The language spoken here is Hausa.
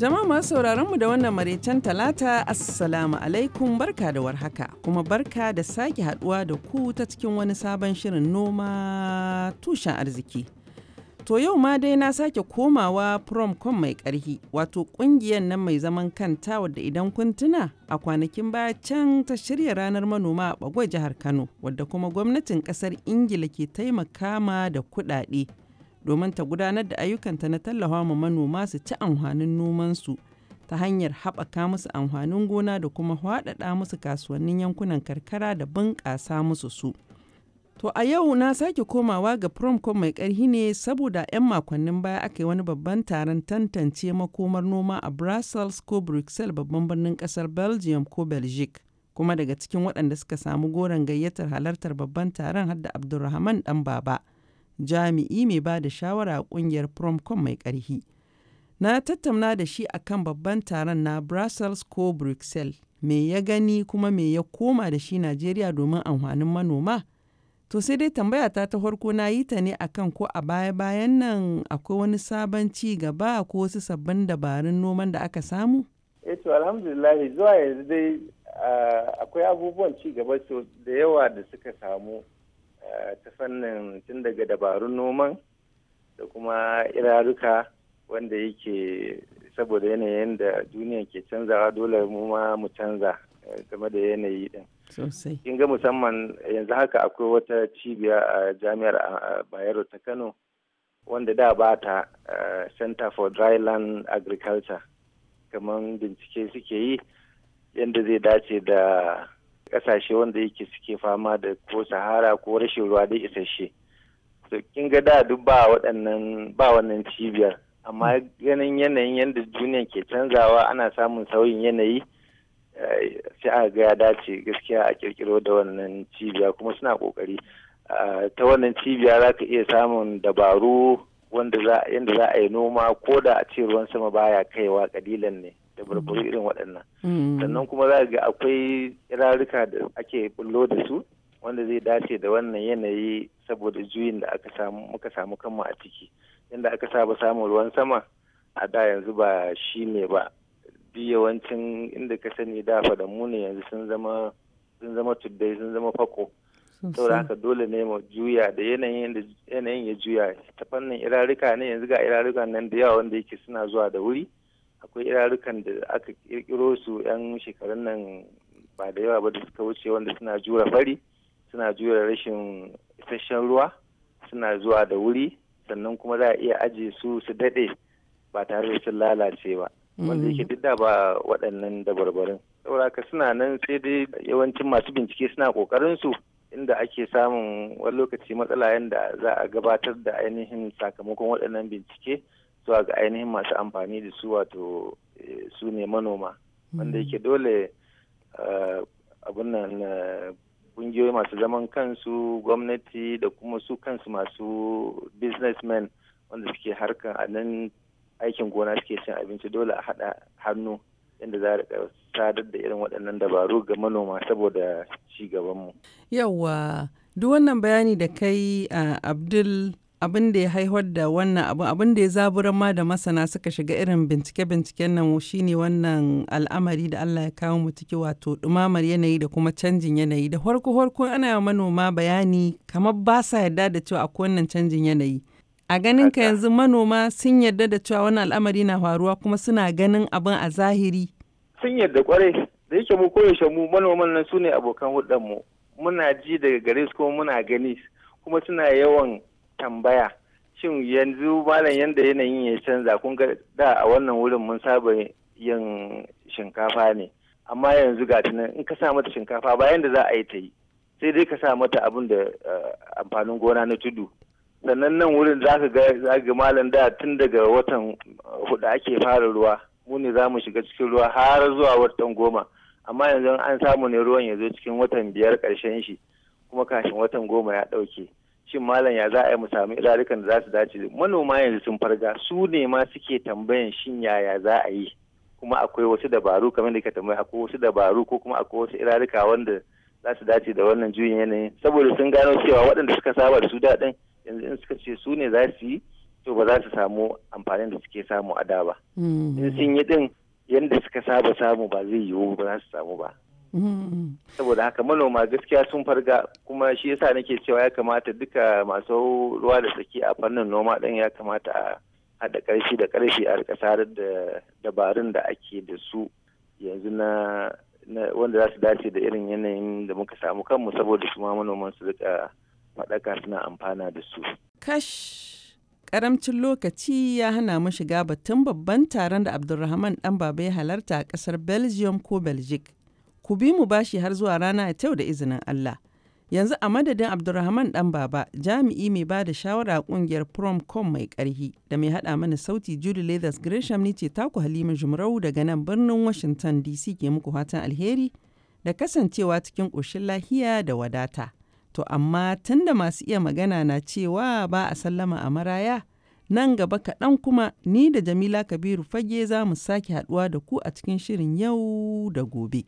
Jama'a masu sauraron mu da wannan maraicen talata assalamu alaikum barka da warhaka kuma barka da sake haduwa da ku ta cikin wani sabon shirin noma tushen arziki. To yau ma dai na sake komawa promcom mai karhi wato kungiyar nan mai zaman kanta wadda idan kun tuna a kwanakin baya can ta shirya ranar manoma a bagwai jihar Kano wadda kuma gwamnatin kasar Ingila ke taimaka ma da kuɗaɗe. domin ta gudanar da ayyukanta na tallafa ma manoma su ci amfanin nomansu ta hanyar haɓaka musu amfanin gona da kuma haɗaɗa musu kasuwannin yankunan karkara da bunƙasa musu su. To a yau na sake komawa ga Promcom mai ƙarhi ne saboda 'yan makonnin baya aka yi wani babban taron tantance makomar noma a Brussels ko Bruxelles babban birnin ƙasar Belgium ko Belgique. Kuma daga cikin waɗanda suka samu goron gayyatar halartar babban taron hadda Abdulrahman ɗan baba. jami'i mai ba da shawara a kungiyar Promcom mai karhi Na tattauna da shi akan babban taron na Brussels ko Bruxelles, me ya gani kuma me ya koma da shi Najeriya domin amfanin manoma? To sai dai tambaya ta ta farko na yi ta ne akan ko a baya-bayan nan akwai wani sabon ci gaba ko wasu sabbin dabarun noman da aka samu? Eh to alhamdulillah zuwa yanzu dai ah, akwai abubuwan ci gaba da yawa da suka samu ta fannin tun daga dabarun noman da kuma iraruka wanda yake saboda yanayin da duniya ke canzawa dole mu ma mu canza eh, game da yanayi din sosai kin ga musamman yanzu haka akwai wata cibiya a jami'ar bayero ta kano wanda da ba ta eh, center for dryland agriculture kamar bincike suke yi yadda zai dace da kasashe wanda yake suke fama da ko sahara ko rashin ruwa da isasshe to kin ga da duk ba waɗannan ba wannan cibiyar amma ganin yanayin yadda duniya ke canzawa ana samun sauyin yanayi eh, sai aka ga ya dace gaskiya a kirkiro da wannan cibiya kuma suna kokari eh, ta wannan cibiya za ka iya samun dabaru wanda za a yi noma ko da a ce ruwan sama baya kaiwa kalilan ne da barbaru irin waɗannan mm. sannan kuma za ga akwai irarika da ake bullo da su wanda zai dace da wannan yanayi saboda juyin da aka samu muka samu kanmu a ciki yadda aka saba samun ruwan sama a da yanzu ba shi ne ba bi yawancin inda ka sani da fadamu ne yanzu sun zama sun zama tuddai sun zama fako saboda haka dole ne mu juya da yanayin ya juya ta fannin irarika ne yanzu ga irarika nan da yawa wanda yake suna zuwa da wuri akwai irarukan da aka kirkiro su 'yan shekarun nan ba da yawa ba da suka wuce wanda suna jura fari suna jura rashin isasshen ruwa suna zuwa da wuri sannan kuma za a iya aje su su daɗe ba tare da sun lalace ba wanda yake duk da ba waɗannan dabarbarin saboda suna nan sai dai yawancin masu bincike suna ƙoƙarin su inda ake samun wani lokaci matsala yadda za a gabatar da ainihin sakamakon waɗannan bincike zuwa ga ainihin masu amfani da su wato eh, su ne manoma wanda hmm. yake dole eh, abin nan kungiyoyi eh, masu zaman kansu gwamnati da kuma su kansu masu businessmen wanda suke harka a nan aikin gona suke cin abinci dole a haɗa hannu inda za a sadar da irin waɗannan dabaru ga manoma saboda ci gabanmu. Yawwa, duk wannan bayani da kai Abdul abin da ya haihar da wannan abu abin da ya zaburar ma da masana suka shiga irin bincike-binciken nan shine wannan al'amari da Allah ya kawo mu ciki wato dumamar yanayi da kuma canjin yanayi da farko farko ana yi manoma bayani kamar ba sa yarda da cewa akwai wannan canjin yanayi a ganin ka yanzu manoma sun yarda da cewa wani al'amari na faruwa kuma suna ganin abin a zahiri sun yarda kwarai da yake mu koyaushe mu manoman nan su abokan abokan mu muna ji daga gare su kuma muna gani kuma suna yawan tambaya shin yanzu malam yadda yanayin ya canza kun ga da a wannan wurin mun saba yin shinkafa ne amma yanzu ga tunan in ka sa mata shinkafa bayan da za a yi ta yi sai dai ka sa mata abin da eh, amfanin gona na tudu sannan nan wurin za ka ga malam da tun daga watan hudu ake fara ruwa mu ne za mu shiga cikin ruwa har zuwa watan goma amma yanzu an samu ne ruwan ya zo cikin watan biyar ƙarshen shi kuma kashin watan goma ya ɗauke shin malam ya za a yi mu sami irarikan da za su dace manoma yanzu sun farga su ne ma suke tambayan shin yaya za a yi kuma akwai wasu dabaru kamar da ka tambaya akwai wasu dabaru ko kuma akwai wasu irarika wanda za su dace da wannan juyin yanayin saboda sun gano cewa waɗanda suka saba da su daɗin yanzu in suka ce su ne za su yi to ba za su samu amfanin da suke samu a da ba mm-hmm. in sun yi ɗin yadda suka saba samu ba zai yiwu ba za su samu ba saboda haka manoma gaskiya sun farga kuma shi yasa nake cewa ya kamata duka masu ruwa da tsaki a fannin noma ɗin ya kamata a haɗa ƙarshe da ƙarshe a ƙasar da dabarun da ake da su yanzu na wanda za su dace da irin yanayin da muka samu kanmu saboda su manoman su rika faɗaka suna amfana da su. Kash karamcin lokaci ya hana mu shiga batun babban taron da Abdulrahman dan baba ya halarta a ƙasar Belgium ko belgique Ku bi mu bashi har zuwa rana ya yau da izinin Allah. Yanzu a madadin Abdulrahman ɗan baba jami'i mai ba da shawara a ƙungiyar Promcom mai ƙarhi da mai haɗa mana sauti Julie Leathers Gresham ni ce taku Halima Jumrau daga nan birnin Washington DC ke muku fatan alheri da kasancewa cikin ƙoshin lahiya da wadata. To amma tun da masu iya magana na cewa ba a sallama a maraya nan gaba kaɗan kuma ni da Jamila Kabiru fage za mu sake haɗuwa da ku a cikin shirin yau da gobe.